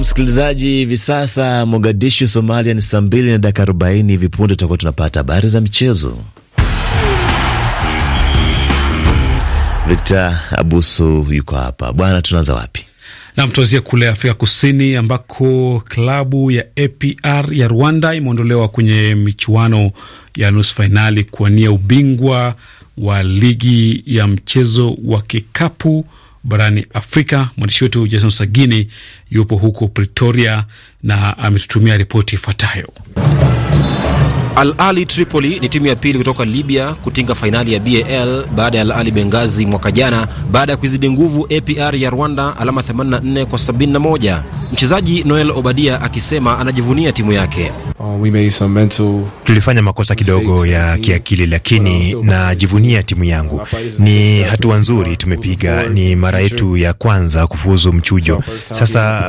Msikilizaji, hivi sasa Mogadishu, Somalia, ni saa mbili na dakika arobaini. Hivi punde tutakuwa tunapata habari za michezo. Victor abusu yuko hapa bwana, tunaanza wapi? Nam, tuanzia kule Afrika Kusini ambako klabu ya APR ya Rwanda imeondolewa kwenye michuano ya nusu fainali kuwania ubingwa wa ligi ya mchezo wa kikapu barani Afrika. Mwandishi wetu Jason Sagini yupo huko Pretoria na ametutumia ripoti ifuatayo. Al Ali Tripoli ni timu ya pili kutoka Libya kutinga fainali ya BAL baada ya Al Ali Bengazi mwaka jana, baada ya kuzidi nguvu APR ya Rwanda alama 84 kwa 71. Mchezaji Noel Obadia akisema anajivunia timu yake. Uh, Tulifanya makosa kidogo ya kiakili, lakini najivunia timu yangu. Ni hatua nzuri tumepiga, ni mara yetu ya kwanza kufuzu mchujo. Sasa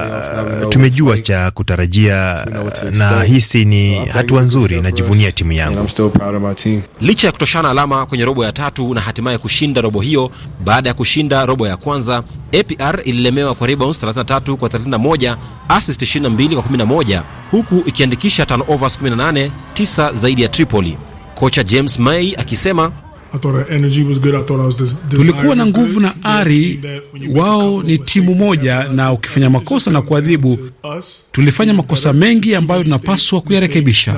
uh, tumejua cha kutarajia, na hisi ni hatua nzuri. Najivunia timu yangu licha ya kutoshana alama kwenye robo ya tatu na hatimaye kushinda robo hiyo. Baada ya kushinda robo ya kwanza, APR ililemewa kwa rebounds 33 kwa 31, assist 22 kwa 11, huku ikiandikisha tano overs 18 tisa zaidi ya Tripoli, kocha James May akisema tulikuwa na nguvu na ari. Wao ni timu moja, na uh, ukifanya makosa na kuadhibu, tulifanya makosa mengi ambayo tunapaswa kuyarekebisha.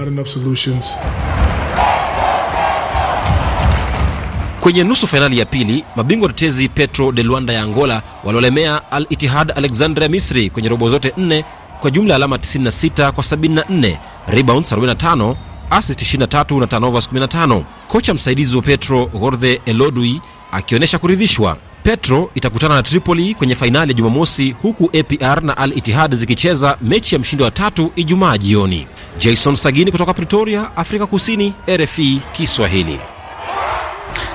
Kwenye nusu fainali ya pili, mabingwa tetezi Petro de Luanda ya Angola waliolemea Al Itihad Alexandria Misri kwenye robo zote nne kwa jumla ya alama 96 kwa 74, rebounds 45, assists 23 na turnovers 15. Kocha msaidizi wa Petro gorde Elodui akionyesha kuridhishwa. Petro itakutana na Tripoli kwenye fainali ya Jumamosi, huku APR na Al Ittihad zikicheza mechi ya mshindi wa tatu Ijumaa jioni. Jason Sagini kutoka Pretoria, Afrika Kusini, RFI Kiswahili.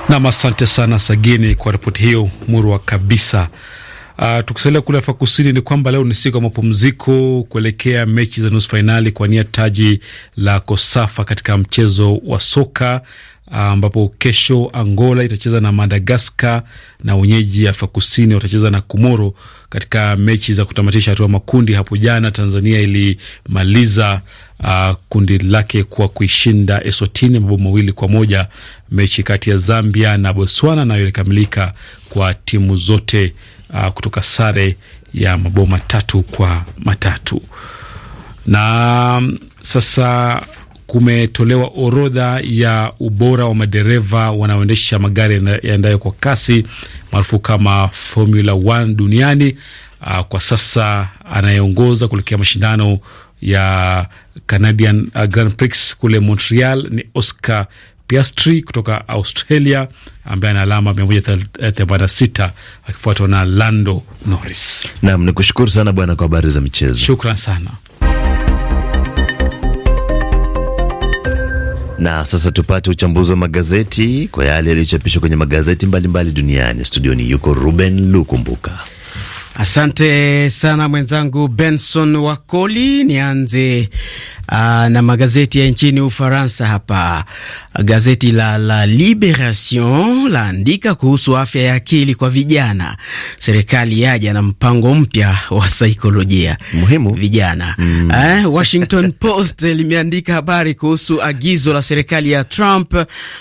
Nam, asante sana Sagini kwa ripoti hiyo murwa kabisa. Uh, tukisalia kule Afrika Kusini ni kwamba leo ni siku ya mapumziko kuelekea mechi za nusu fainali kuwania taji la Kosafa katika mchezo wa soka ah, ambapo uh, kesho Angola itacheza na Madagaskar na wenyeji Afrika Kusini watacheza na Komoro katika mechi za kutamatisha hatua makundi. Hapo jana Tanzania ilimaliza uh, kundi lake kwa kuishinda Eswatini mabao mawili kwa moja. Mechi kati ya Zambia na Botswana nayo ilikamilika kwa timu zote uh, kutoka sare ya mabao matatu kwa matatu na mm, sasa kumetolewa orodha ya ubora wa madereva wanaoendesha magari yaendayo kwa kasi maarufu kama Formula 1 duniani. Uh, kwa sasa anayeongoza kuelekea mashindano ya Canadian ah, Grand Prix kule Montreal ni Oscar Piastri kutoka Australia ambaye ana alama 186 eh, akifuatwa na Lando Norris. Naam, ni kushukuru sana bwana kwa habari za michezo. Shukran sana. Na sasa tupate uchambuzi wa magazeti kwa yale yaliyochapishwa kwenye magazeti mbalimbali mbali duniani. Studioni yuko Ruben Lukumbuka. Asante sana mwenzangu Benson Wakoli. Nianze Aa, ah, na magazeti ya nchini Ufaransa hapa, gazeti la la Liberation laandika kuhusu afya ya akili kwa vijana. Serikali yaja na mpango mpya wa saikolojia muhimu vijana. Mm. Eh, Washington Post limeandika habari kuhusu agizo la serikali ya Trump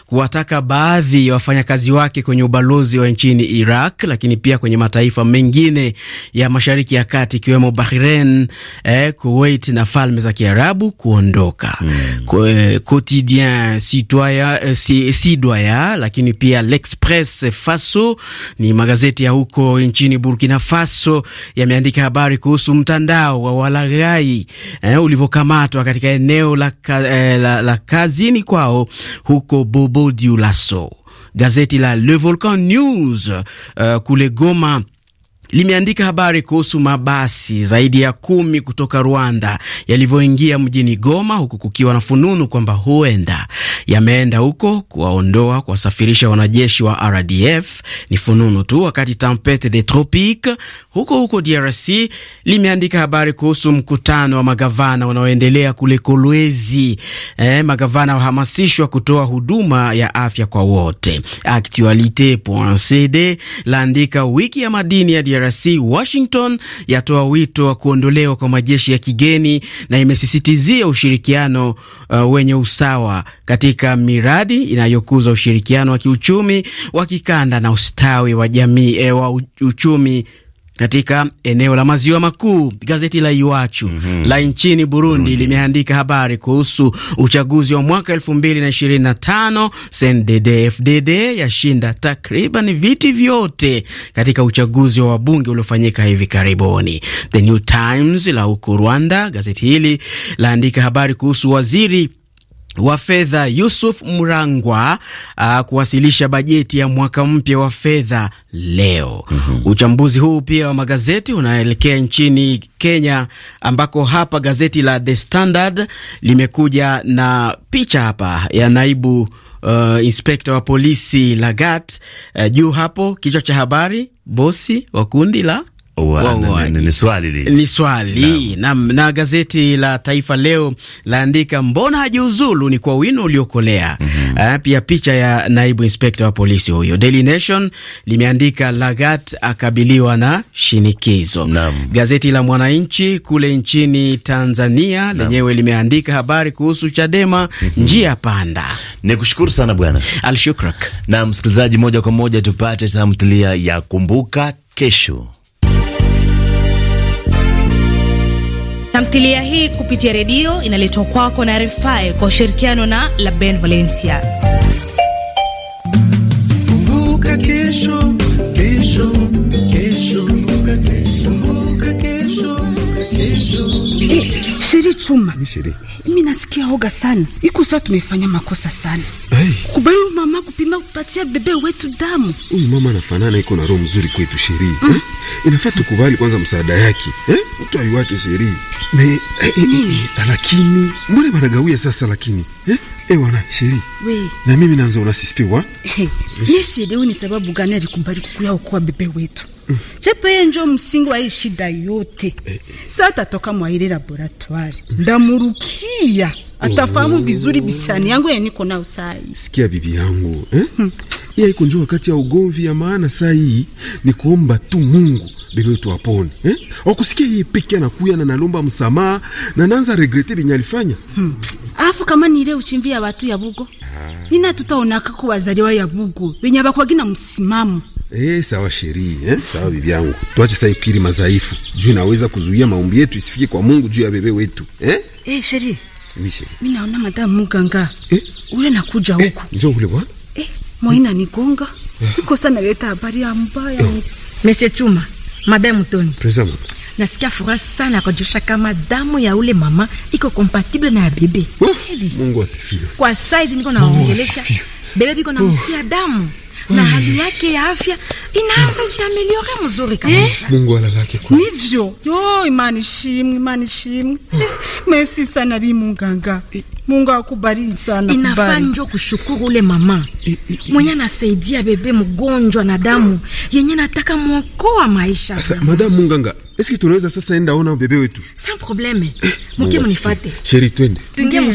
kuwataka baadhi ya wafanyakazi wake kwenye ubalozi wa nchini Iraq, lakini pia kwenye mataifa mengine ya Mashariki ya Kati ikiwemo Bahrain, eh, Kuwait na Falme za Kiarabu kuondoka mm. Quotidien Citoyen si, eh, Sidwaya, lakini pia L'Express Faso ni magazeti ya huko nchini Burkina Faso yameandika habari kuhusu mtandao wa walaghai eh, ulivyokamatwa katika eneo la, eh, la, la kazini kwao huko Bobo Dioulasso. Gazeti la Le Volcan News uh, kule Goma limeandika habari kuhusu mabasi zaidi ya kumi kutoka Rwanda yalivyoingia mjini Goma, huku kukiwa na fununu kwamba huenda yameenda huko kuwaondoa, kuwasafirisha wanajeshi wa RDF. Ni fununu tu, wakati Tempete de Tropique huko huko DRC limeandika habari kuhusu mkutano wa magavana unaoendelea kule Kolwezi. Eh, magavana wahamasishwa kutoa huduma ya afya kwa wote. Actualite.cd laandika wiki ya madini ya DRC DRC, Washington yatoa wito wa kuondolewa kwa majeshi ya kigeni na imesisitizia ushirikiano uh, wenye usawa katika miradi inayokuza ushirikiano wa kiuchumi wa kikanda na ustawi wa jamii eh, wa uchumi katika eneo la maziwa makuu. Gazeti la Iwachu mm -hmm. la nchini Burundi, -hmm. limeandika habari kuhusu uchaguzi wa mwaka elfu mbili na ishirini na tano. CNDD FDD yashinda takriban viti vyote katika uchaguzi wa wabunge uliofanyika hivi karibuni. The New Times la huko Rwanda, gazeti hili laandika habari kuhusu waziri wa fedha Yusuf Murangwa uh, kuwasilisha bajeti ya mwaka mpya wa fedha leo. mm -hmm. Uchambuzi huu pia wa magazeti unaelekea nchini Kenya ambako hapa gazeti la The Standard limekuja na picha hapa ya naibu uh, inspekta wa polisi Lagat uh, juu hapo kichwa cha habari bosi wa kundi la Oh, ni swali ni swali nam. Na gazeti la Taifa Leo laandika mbona hajiuzulu, ni kwa wino uliokolea mm -hmm. Pia picha ya naibu inspekta wa polisi huyo. Daily Nation limeandika Lagat akabiliwa na shinikizo na. Gazeti la Mwananchi kule nchini Tanzania Naam. lenyewe limeandika habari kuhusu Chadema mm -hmm. njia panda. Ni kushukuru sana bwana Alshukrak. Na msikilizaji, moja kwa moja tupate tamthilia ya Kumbuka Kesho. Tamthilia hii kupitia redio inaletwa kwako na RFI kwa ushirikiano na La Ben Valencia. Kumbuka kesho, kesho, kesho, kumbuka kesho, kumbuka kesho, kumbuka kesho. Sheri Chuma, mimi nasikia hoga sana, iko sasa tumefanya makosa sana hey. Kubali mama kupima kupatia bebe wetu damu. Huyu mama anafanana, iko na roho mzuri kwetu Sheri mm. eh? Inafaa tukubali kwanza msaada yake eh? mtu ayuwake Sheri me eh, eh, eh, eh, lakini mbona banagawia sasa lakini eh? Eh, wana Sheri we, na mimi nanza unasispiwa hey. ndio ni sababu gani alikubali kukuya kwa bebe wetu jepe njo msingi wa hii shida yote. Eh, eh. Sasa atatoka mwa ile laboratoire, ndamurukia atafahamu oh. vizuri bisani yangu ya niko nao sai. Sikia bibi yangu eh? Hmm. Yeye njo wakati ya ugomvi ya maana saa hii ni kuomba tu Mungu bebe wetu apone eh? Wakusikia yeye peke anakuya na nalomba msamaha na naanza regrete benye alifanya hmm. Afu kama ni ile uchimbi ya watu ya bugo ah. nina tutaonaka kuwazaliwa ya bugo benye abakwagina msimamo Eh, sawa sheri, eh? Sawa bibi yangu. Tuache sasa ikiri madhaifu. Juu naweza kuzuia maombi yetu isifike kwa Mungu juu ya bebe wetu. Eh? Eh, sheri. Mimi sheri. Mimi naona madam mganga. Eh? Ule nakuja eh, huku. Eh, njoo ule bwana. Eh, mwaina nigonga. Yeah. Niko sana leta habari ya mbaya. Eh. Mese Chuma, madamu Toni. Present. Nasikia furaha sana kwa jusha kama damu ya ule mama iko compatible na bebe. Oh, Mungu asifiwe. Kwa size niko naongelesha. Bebe biko na oh. mtia damu. Oh na hali yake ya afya inaanza jiameliore mzuri kabisa. Eh? Mungu alalake kwa nivyo yo imani shimu imani shimu hmm. eh, mesi sana bi munganga eh. Mungu akubariki sana. Inafaa njo kushukuru ule mama mwenye anasaidia bebe mgonjwa na damu hmm. yenye nataka mwokoa maisha. Sasa madamu munganga, eski tunaweza sasa enda ona bebe wetu sans probleme. Muke munifate sheri, twende twende,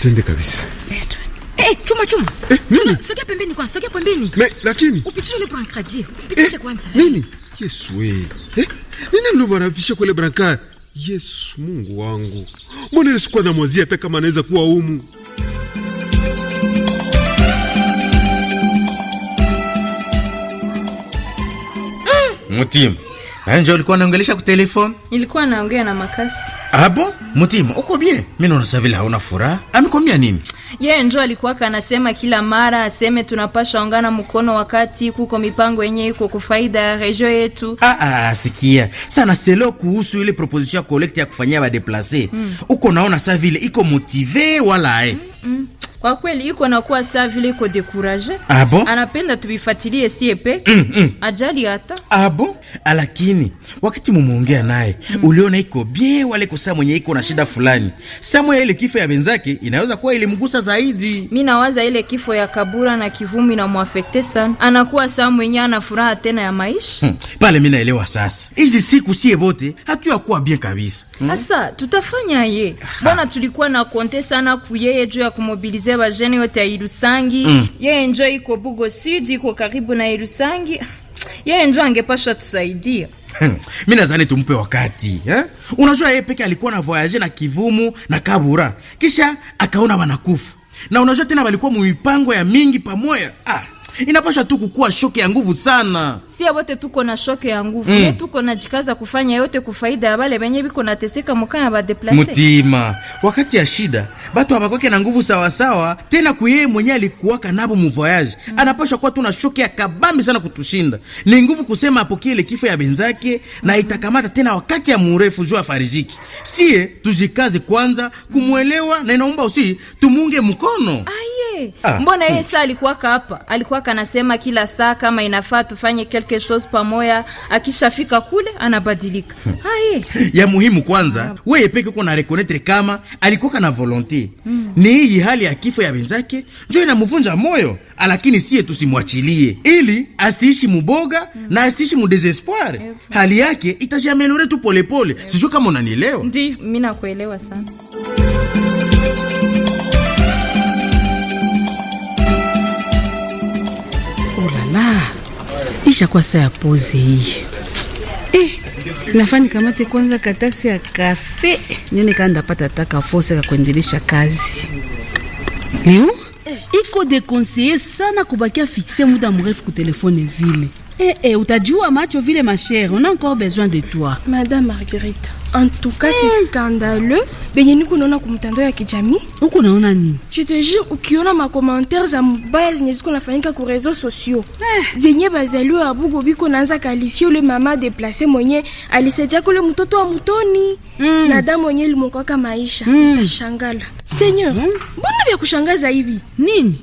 twende kabisa, twende. Hey, eh, chuma chuma. Eh, nini? Sogea pembeni kwanza, sogea pembeni. Me, lakini upitishe ile brancard. Upitishe eh, kwanza. Nini? Yesu we. Eh. eh? Nini ndio bora mnapisha kule brancard? Yesu Mungu wangu. Mbona nisikuwa na mwazia hata kama anaweza kuwa umu. Mutima. Mm. Eh, njo ulikuwa naongelesha ku telefone? Ilikuwa naongea na Makasi. Abo? Mutima, uko bie? Mimi naona vile hauna furaha. Amekwambia nini? Yeye njo alikuwa anasema kila mara aseme tunapasha ongana mkono wakati kuko mipango yenye iko kufaida faida ya region yetu. Ah ah, ah sikia. Sana selo kuhusu ile proposition ya collect ya kufanyia ba Mm. Uko naona savile iko motive wala eh. Mm -mm. Kwa kweli iko na kuwa savile iko dekuraje. Abo? Ah, Anapenda tubifatilie sie pe. Mm -mm. Ajali hata Abo alakini, wakati mumuongea naye mm, uliona iko bie wale kosa mwenye iko na shida fulani samwa ile kifo ya benzake inaweza kuwa ilimgusa zaidi. Mi nawaza ile kifo ya Kabura na Kivumi na mwafekte sana, anakuwa saa mwenye ana furaha tena ya maisha hmm. Pale mi naelewa sasa, hizi siku sie bote kuwa bie kabisa sasa hmm. Tutafanya ye ah. bona, tulikuwa na konte sana kuyeye juu ya kumobilize bajene yote ya Irusangi mm. Yeye njo iko Bugo Sud iko karibu na Irusangi yeye ndio angepasha tusaidia. Hmm. mi nazani tumpe wakati eh? Unajua yeye peke alikuwa na voyage na Kivumu na Kabura, kisha akaona wanakufa, na unajua tena walikuwa mumipango ya mingi pamoya ah inapasha tu kukuwa shoke ya nguvu sana. Si wote tuko na shoke ya nguvu mm. Tuko na jikaza kufanya yote kufaida ya bale benye biko teseka mukaya ba deplase mutima. Wakati ya shida batu abakwake na nguvu sawa sawa, tena kuyeye mwenye alikuwaka nabo mu voyage mm. Anapasha kuwa tu na shoke ya kabambi sana kutushinda. Ni nguvu kusema apokie ile kifo ya benzake na mm. itakamata tena wakati ya murefu jua farijiki. Sie tujikaze kwanza kumuelewa na inaomba usi tumunge mkono. Aye. Ah. Mbona yeye mm. Sasa alikuwaka hapa alikuwaka anasema kila saa kama inafaa tufanye quelque chose pamoja, akishafika kule anabadilika. Hmm. Haye. Eh. ya muhimu kwanza, wewe peke uko na reconnaître kama alikuwa na volonté mm. Ni hii hali ya kifo ya wenzake njoo inamvunja moyo, lakini sie tusimwachilie ili asiishi muboga mm. na asiishi mu desespoir mm. hali yake itajiamelore tu polepole mm. Sijui kama unanielewa. Ndio, mimi nakuelewa sana. la ishakuwa saa ya pozi hii eh, Nafani kamate kwanza katasi ya kafe nene kandapata taka fose ya kuendelesha kazi liu eh. iko dekonseye sana kubakia fixe muda mrefu kutelefone vile eh, eh, utajua macho vile mashere on a encore besoin de toi Madame Marguerite Antuka c'est scandaleux benye niko naona kumtandao ya kijamii. Huko naona nini? Je te jure, ukiona makomantere za mbaya zenye ziko nafanyika ku réseaux sociaux zenye bazali wa bugo biko naanza kalifie ule mama deplase mwenye alisaidia kule mtoto wa mutoni mm. na damu mwenye limokwaka maisha mm. Tashangala Seigneur, mbona hmm. vya kushangaza hivi nini?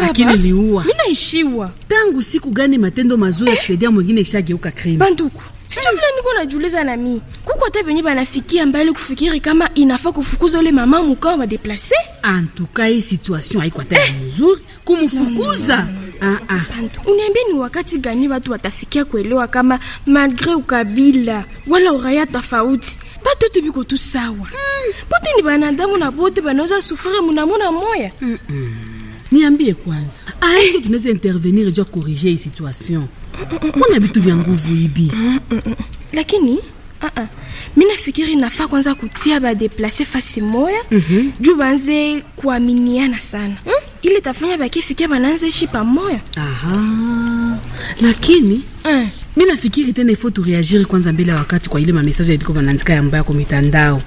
Lakini liua. Mimi naishiwa. Tangu siku gani matendo mazuri ya kusaidia mwingine ishageuka crime? Banduku. Sicho vile niko najiuliza na mimi. Kuko te benye banafikia mbali kufikiri kama inafaa kufukuza ule mama mukao wa deplacer. En tout cas, hii situation haiko hata eh, nzuri kumfukuza. Ah ah. Uniambie ni wakati gani watu watafikia kuelewa kama malgre ukabila wala uraya tofauti, batu tu biko tu sawa. Mm. Bote ni banadamu na bote banaweza sufiri munamuna moya. Mm -mm niambie kwanza, aiki tunaweza intervenir juu corriger hii situation. Mbona vitu vya nguvu hivi? Lakini uh ah, -uh. Ah. Mi nafikiri nafaa kwanza kutia badeplase fasi moya mm -hmm. juu banze kuaminiana sana hmm? ili tafanya bakifikia bananze ishi pamoya. lakini uh. Hmm. Mi nafikiri tena ifo tureagiri kwanza mbele ya wakati kwa ile mamesaje yabiko banandika ya mbaya kwa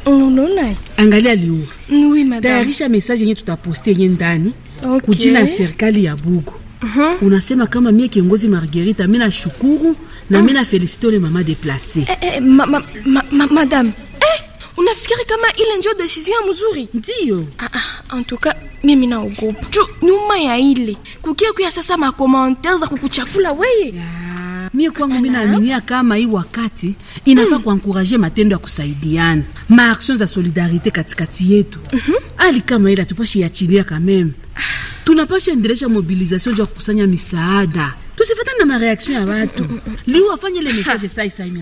Unaona, angalia liua tayarisha mesaje yenye tutaposte yenye ndani okay. kujina ya serikali ya Bugu uh -huh. Unasema kama mie kiongozi Margarita, mi shukuru na mi uh-huh. felicite ule mama deplase eh, eh, ma, ma, ma, ma, madame eh, unafikiri kama ile ndio decision ya mzuri? Ndio ah, ah, cas mimi naogopa tu nyuma ya ile kukia kuya sasa makomantere za kukuchafula weye yeah mie kwangu mina naaminia kama hii wakati inafaa mm. kuankuraje matendo ya kusaidiana, maaksyon za solidarite katikati yetu mm ali kama ile atupashe yachilia kameme tunapashi tunapasha endelesha mobilizasyon ja kukusanya misaada, tusifatane na mareaksyon ya watu li -mm -mm. liu wafanye ile mesaje sai sai, mi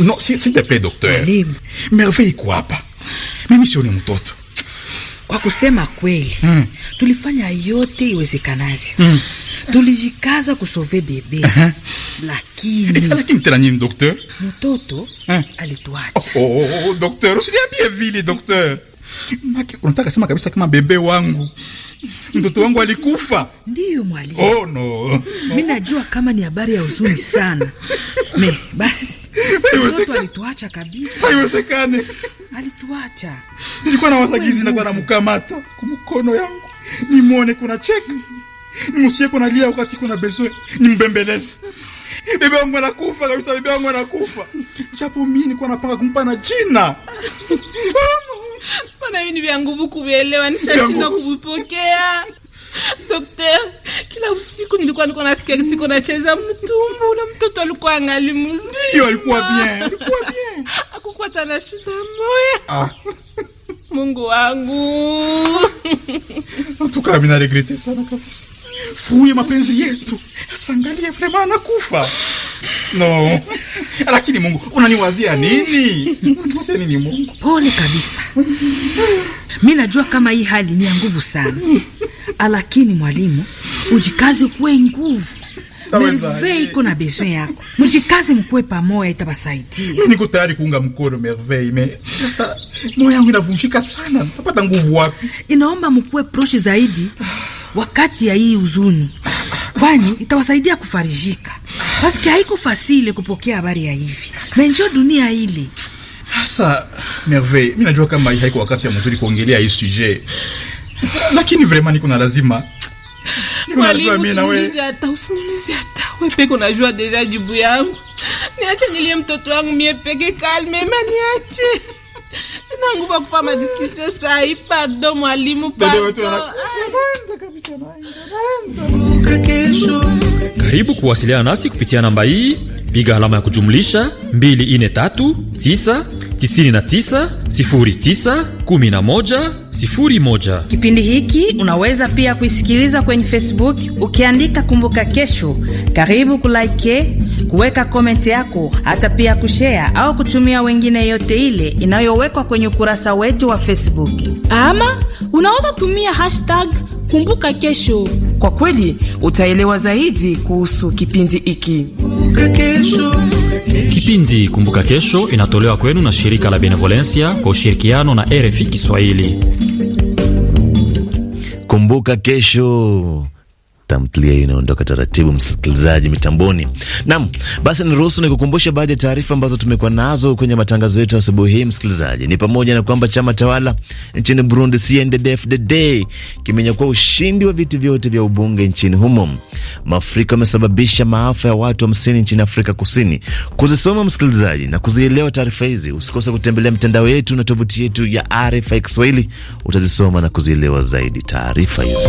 Non, s'il te plaît docteur, merveille iko hapa. Mimi sioni mtoto kwa kusema kweli mm. tulifanya yote iwezekanavyo mm. tulijikaza kusove bebe uh -huh. lakini lakini tena nini docteur, mtoto eh. alituacha. Oh, oh, oh, oh docteur usiniambie vile docteur, maki unataka sema kabisa kama bebe wangu mtoto wangu alikufa? Ndiyo mwalimu. Oh, no. Mimi najua kama ni habari ya huzuni sana me basi alituacha kabisa. Haiwezekani, alituacha. Nilikuwa na wasagizi nakuwa namkamata kwa mkono yangu nimwone kuna cheka nimusie kuna lia wakati kuna bezwe nimbembeleza Bebe wangu anakufa kabisa, bebe wangu anakufa, chapo mi nikuwa napanga kumpa na jina Mbona hivi ni vya nguvu kuvielewa, nishashinda kuvipokea. dokter kila usiku nilikuwa niko nasikia siku nacheza mtumbu na mtoto alikuwa angali mzima. Ndio alikuwa bien, alikuwa bien. Hakukuwa tena shida moya. Ah. Mungu wangu. Mtuka mimi regrete sana kabisa. Fuye mapenzi yetu. Asangalie Flema anakufa. No. Lakini Mungu, unaniwazia nini? Unaniwazia nini Mungu? Pole kabisa. Mimi najua kama hii hali ni ya nguvu sana. Lakini mwalimu ujikaze ukuwe nguvu merve iko na besoin yako, mujikaze mkuwe pamoya itabasaidia. Mimi niko tayari kuunga mkono Merveille, me sasa moyo yangu inavunjika sana, napata nguvu wapi? Inaomba mkuwe proche zaidi wakati ya hii huzuni, kwani itawasaidia kufarijika, paske haiko fasile kupokea habari ya hivi menjo dunia ile sasa. Merveille, mi najua kama haiko wakati ya mzuri kuongelea hii sujet, lakini vraiment niko na lazima hata usimulizi hata wewe unajua deja jibu yangu. Niache nilie mtoto wangu mie peke, kalme ma Sina nguvu ya kufanya discussion saa hii. mwalimu, Karibu kuwasiliana nasi kupitia namba hii, piga alama ya kujumlisha 243 999 09 11 Kipindi hiki unaweza pia kuisikiliza kwenye Facebook ukiandika Kumbuka Kesho. Karibu kulike, kuweka komenti yako, hata pia kushea au kutumia wengine, yote ile inayowekwa kwenye ukurasa wetu wa Facebook. Ama unaweza tumia hashtag Kumbuka Kesho. Kwa kweli utaelewa zaidi kuhusu kipindi hiki. Kipindi Kumbuka Kesho inatolewa kwenu na shirika la Benevolencia kwa ushirikiano na RFI Kiswahili. boca Queixo. tamthilia hiyo inaondoka taratibu, msikilizaji mitamboni. Naam, basi niruhusu nikukumbushe baadhi ya taarifa ambazo tumekuwa nazo kwenye matangazo yetu asubuhi hii. Msikilizaji, ni pamoja na kwamba chama tawala nchini Burundi CNDD-FDD kimenyakua ushindi wa viti vyote vya ubunge nchini humo. Mafuriko yamesababisha maafa ya watu hamsini nchini Afrika Kusini. Kuzisoma msikilizaji na kuzielewa taarifa hizi, usikose kutembelea mitandao yetu na tovuti yetu ya RFI Kiswahili, utazisoma na kuzielewa zaidi taarifa hizi.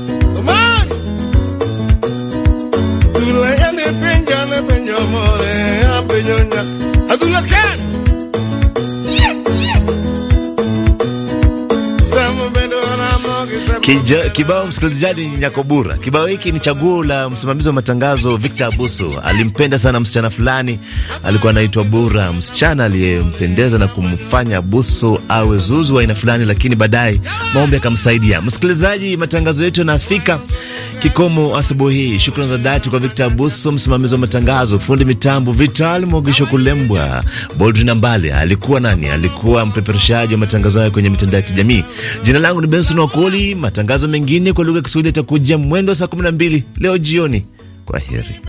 nyomore abenyonya adulakan Kibao msikilizaji ni Nyakobura. Kibao hiki ni chaguo la msimamizi wa matangazo Victor Abuso. Alimpenda sana msichana fulani, alikuwa anaitwa Bura, msichana aliyempendeza na kumfanya Abuso awe zuzu aina fulani, lakini baadaye maombi akamsaidia. Msikilizaji, matangazo yetu yanafika kikomo asubuhi. hii. Shukrani za dhati kwa Victor Abuso, msimamizi wa matangazo, fundi mitambo Vital Mogisho Kulembwa. Boldri Nambale alikuwa nani? Alikuwa mpeperushaji wa matangazo hayo kwenye mitandao ya kijamii. Jina langu ni Benson Wakoli. Matangazo mengine kwa lugha ya Kiswahili yatakuja mwendo wa saa 12 leo jioni. Kwa heri.